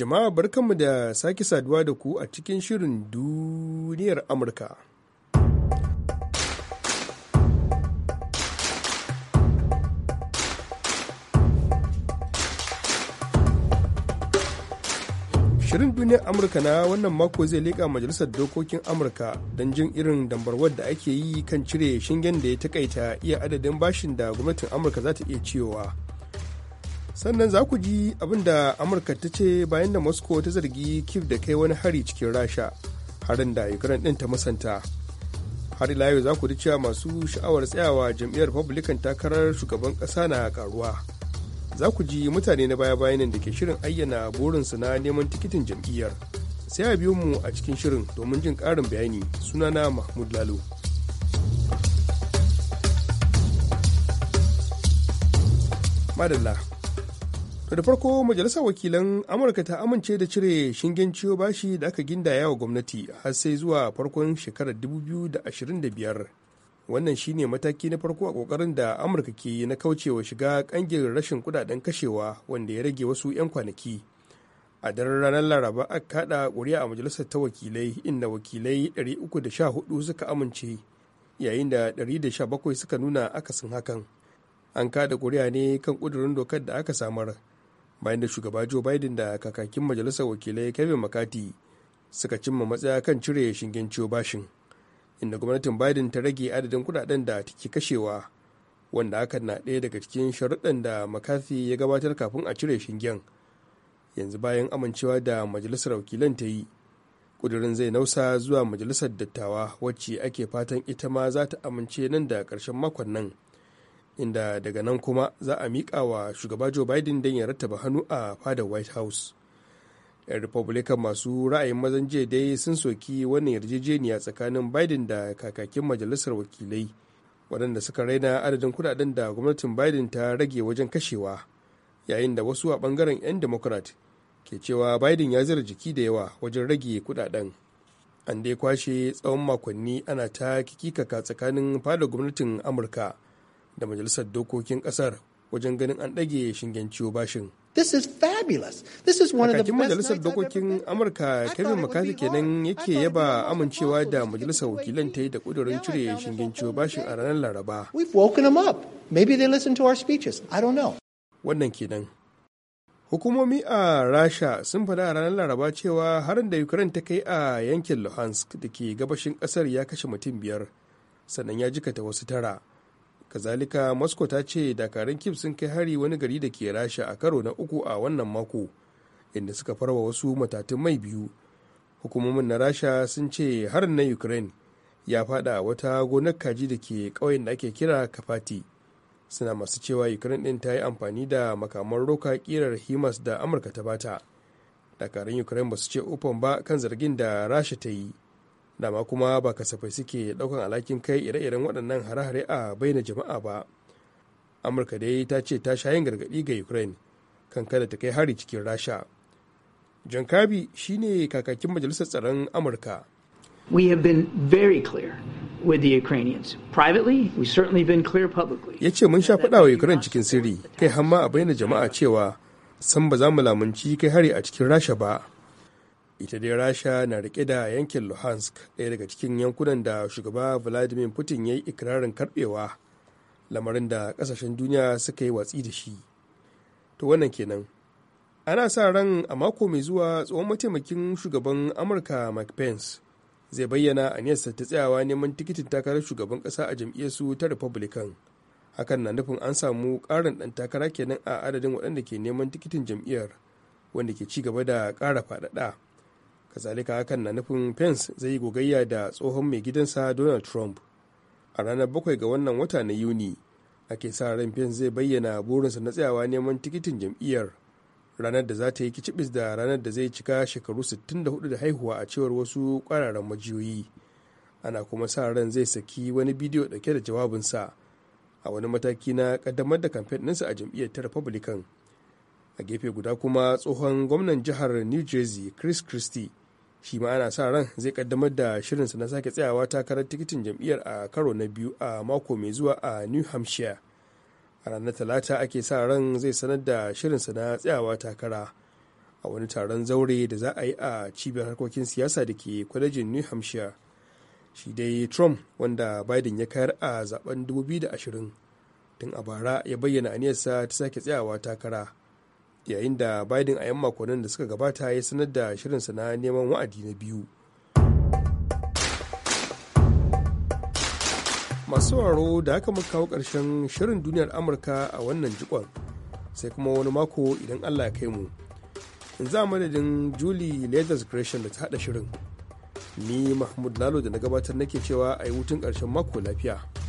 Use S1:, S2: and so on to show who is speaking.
S1: Jama'a barkanmu da sake saduwa da ku a cikin shirin duniyar Amurka. Shirin duniyar Amurka na wannan mako zai leƙa Majalisar Dokokin Amurka don jin irin dambarwar da ake yi kan cire shingen da ya takaita iya adadin bashin da gwamnatin Amurka za ta iya ciyowa. sannan za ku ji abin da amurka ta ce bayan da moscow ta zargi kif da kai wani hari cikin rasha harin da ukraine ɗin ta musanta har ila yau za ku ji cewa masu sha'awar tsayawa jam'iyyar republican takarar shugaban ƙasa na karuwa za ku ji mutane na baya bayan da ke shirin ayyana burinsu na neman tikitin jam'iyyar sai a biyo mu a cikin shirin domin jin ƙarin bayani sunana mahmud lalo madalla To da farko majalisar wakilan Amurka ta amince da cire shingen ciwo bashi da aka gindaya wa gwamnati har sai zuwa farkon shekarar 2025. Wannan shine mataki na farko a kokarin da Amurka ke na kaucewa shiga kangin rashin kudaden kashewa wanda ya rage wasu 'yan kwanaki. A daren ranar Laraba aka kada ƙuri'a a majalisar ta wakilai inda wakilai 314 suka amince yayin da 117 suka nuna akasin hakan. An kada kuri'a ne kan ƙudurin dokar da aka samar. bayan da shugaba joe biden da kakakin majalisar wakilai kevin mccarthy suka cimma matsaya kan cire shingen ciwo bashin inda gwamnatin biden ta rage adadin kudaden da ke kashewa wanda hakan na ɗaya daga cikin sharuɗan da mccarthy ya gabatar kafin a cire shingen yanzu bayan amincewa da majalisar wakilan ta yi ƙudurin zai nausa zuwa majalisar dattawa wacce ake fatan ita ma za ta amince nan da ƙarshen makon nan inda daga nan kuma za a miƙa wa shugaba joe biden don ya rattaba hannu a fadar white house 'yan republican masu ra'ayin mazan jiya dai sun soki wannan yarjejeniya tsakanin biden da kakakin majalisar wakilai waɗanda suka raina adadin kudaden da gwamnatin biden ta rage wajen kashewa yayin da wasu a bangaren 'yan democrat ke cewa biden ya zira jiki da yawa wajen rage kudaden an dai kwashe tsawon makonni ana ta kikikaka tsakanin fadar gwamnatin amurka da majalisar dokokin kasar wajen ganin an ɗage shingen ciwo bashin. This is fabulous. This is one of the majalisar dokokin Amurka Kevin McCarthy kenan yake yaba amincewa da majalisar wakilan ta yi da kudurin cire shingen ciwo bashin a ranar Laraba. We've woken them up. Maybe they listen to our speeches. I don't know. Wannan kenan. Hukumomi a Rasha sun faɗa a ranar Laraba cewa harin da Ukraine ta kai a yankin Luhansk da ke gabashin ƙasar ya kashe mutum biyar sannan ya jikata wasu tara. kazalika moscow ta ce dakarun kif sun kai hari wani gari da ke rasha a karo na uku a wannan mako inda suka farwa wasu matatun mai biyu hukumomin na rasha sun ce harin na ukraine ya fada wata gonar kaji da ke ƙauyen da ake kira kafati suna masu cewa ukraine din ta yi amfani da makaman roka kirar himas da amurka ta bata dakarun ukraine ba su ce open ba kan zargin da rasha ta yi dama kuma ba kasafai suke daukan alhakin kai ire-iren waɗannan hare-hare a baina jama'a ba amurka dai ta ce ta sha yin gargaɗi ga ukraine kan kada ta kai hari cikin rasha john kirby shine kakakin majalisar tsaron amurka we have been very clear with the Ukrainians. Privately, we certainly been clear publicly. Ya ce mun sha faɗa wa Ukraine cikin sirri, kai hamma a bayyana jama'a cewa san ba za mu lamunci kai hari a cikin Rasha ba. ita dai rasha na rike da yankin luhansk ɗaya daga cikin yankunan da shugaba vladimir putin ya yi ikirarin karbewa lamarin da ƙasashen duniya suka yi watsi da shi to wannan kenan ana sa ran a mako mai zuwa tsohon mataimakin shugaban amurka mike pence zai bayyana a nesa ta tsayawa neman tikitin takarar shugaban ƙasa a jam'iyyarsu ta republican hakan na nufin an samu ƙarin ɗan takara kenan a adadin waɗanda ke neman tikitin jam'iyyar wanda ke ci gaba da ƙara faɗaɗa kazalika hakan na nufin pence zai yi gogayya da tsohon mai gidansa donald trump a ranar bakwai ga wannan wata na yuni ake sa ran pence zai bayyana burinsa na tsayawa neman tikitin jam'iyyar ranar da za ta yi kicibis da ranar da zai cika shekaru 64 da haihuwa a cewar wasu kwararan majiyoyi ana kuma sa ran zai saki wani bidiyo dauke da jawabinsa a wani mataki na kaddamar da kamfen ɗinsa a jam'iyyar ta republican a gefe guda kuma tsohon gwamnan jihar new jersey chris christie shi ma ana sa ran zai kaddamar da shirinsa na sake tsayawa takarar tikitin jam'iyyar a karo na biyu a mako mai zuwa a new hampshire a ranar talata ake sa ran zai sanar da shirinsa na tsayawa takara a wani taron zaure da za a yi a cibiyar harkokin siyasa da ke kwalejin new hampshire shi dai trump wanda biden ya kayar a zaben 2020 tun a bara ya bayyana aniyarsa ta sake tsayawa takara yayin da biden a 'yan makonnin da suka gabata ya sanar da shirinsa na neman wa'adi na biyu masu sauraro da aka muka kawo ƙarshen shirin duniyar amurka a wannan jikon sai kuma wani mako idan allah ya kai mu in za madadin juli leathers gresham da ta haɗa shirin ni mahmud lalo da na gabatar nake cewa a yi hutun ƙarshen mako lafiya